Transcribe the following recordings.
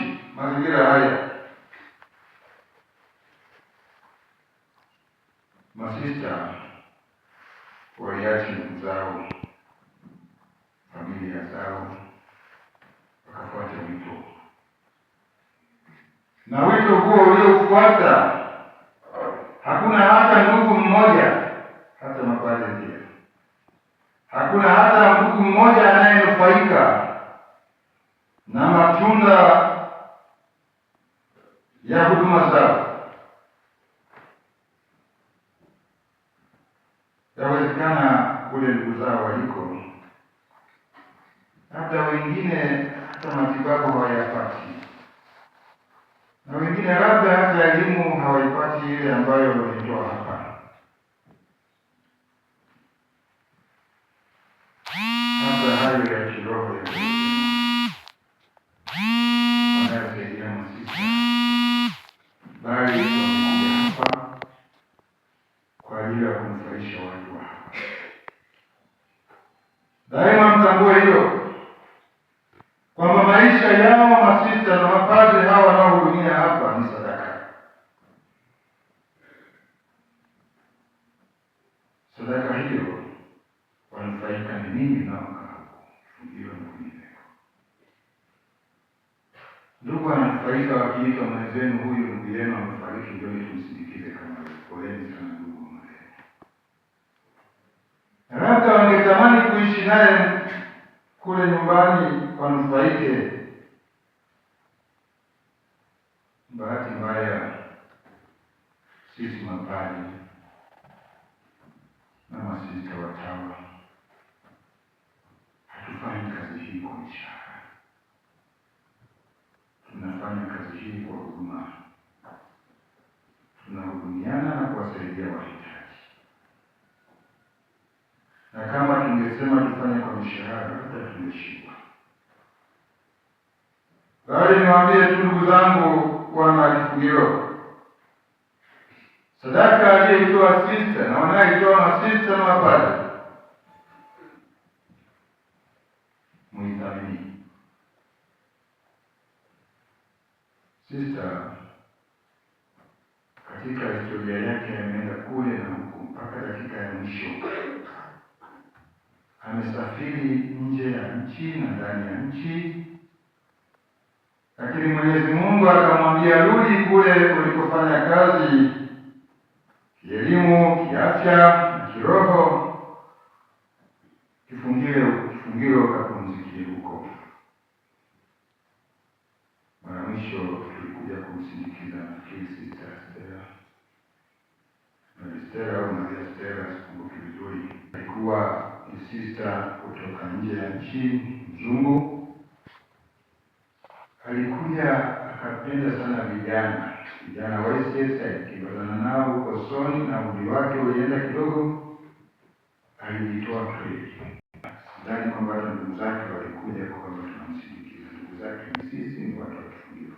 kuishi mazingira haya. Masista waliachi ndugu zao, familia zao, wakafuata wito, na wito huo uliofuata hakuna hata ndugu mmoja, hata mapadre pia hakuna hata ndugu mmoja anayenufaika na matunda ya huduma zao. Yawezekana kule ndugu zao waliko, hata wengine hata matibabu hawayapati, na wengine labda hata elimu hawaipati ile ambayo wameitoa hapa. Hata hayo ya kiroho kuwafurahisha watu wao. Daima mtambue hilo kwamba maisha yao masita na mapadre hawa wanaohudumia hapa ni sadaka. Sadaka hiyo wanufaika ni nini? naokafungiwa na kwingineko. Ndugu ananufaika wakiitwa mwenzenu, huyu ndugu yenu amefariki, ndio tumsindikize kama kuishi naye kule nyumbani wanufaike. Bahati mbaya sisi mapadri na masista watawa hatufanyi kazi hii kwa ishara, tunafanya kazi hii kwa huduma, tunahudumiana na kuwasaidia wahitaji. alisema alifanya kwa mishahara, hata tumeshindwa. Bali niwaambie tu ndugu zangu kwamba alifungiwa sadaka aliyeitoa sista na wanayeitoa masista na mapadri, mwithamini sista. Katika historia yake ameenda kule na huku mpaka dakika ya mwisho amesafiri nje ya nchi na ndani ya nchi, lakini Mwenyezi Mungu akamwambia, rudi kule ulikofanya kazi kielimu, kiafya na kiroho, kifungile kifungile, ukapumzikie huko. Mara mwisho tulikuja kumsindikiza nafikiri Estera au Maria Estera, sikumbuki vizuri, alikuwa sista kutoka nje ya nchi, mzungu, alikuja akapenda sana vijana vijana wa akibatana nao huko Soni na umri wake ulienda kidogo, alijitoa kweli. Sidhani kwamba hata ndugu zake walikuja kwamba tunamsindikiza. Ndugu zake ni sisi, ni watu wakifungiwa.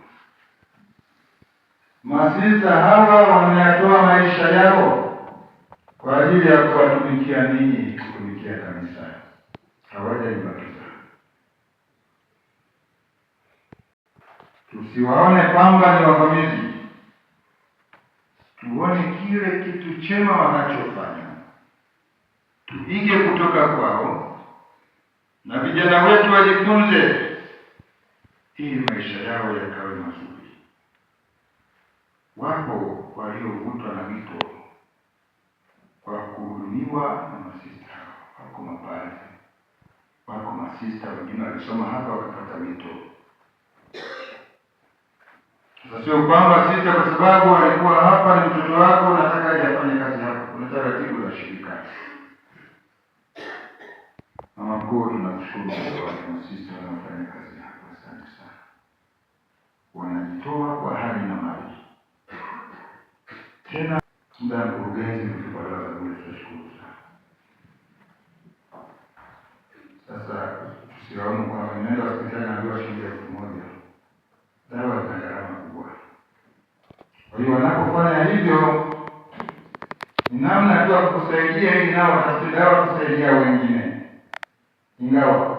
Masista hawa wameyatoa maisha yao kwa ajili ya kuwatumikia ninyi, kutumikia kanisa hawajalibatizwa. Tusiwaone kwamba ni wavamizi, tuone kile kitu chema wanachofanya, tuige kutoka kwao, na vijana wetu wajifunze ili maisha yao yakawe mazuri. Wapo walio walikuwa na masista wako mapadri, wako masista wengine walisoma hapa wakapata mito. Sasa sio kwamba sista kwa sababu alikuwa hapa ni mtoto wako, nataka aje afanye kazi hapa. Kuna taratibu za shirika. Mama mkuu, tunamshukuru kwa masista wanaofanya kazi hapa, asante sana, wanajitoa kwa hali na mali tena muda mkurugenzi nikawaumu kwamba nimeenda hospitali naambiwa shilingi elfu moja. Dawa zina gharama kubwa. Kwa hiyo wanapofanya hivyo ni namna tu ya kukusaidia ili nao watafute dawa kusaidia wengine, ingawa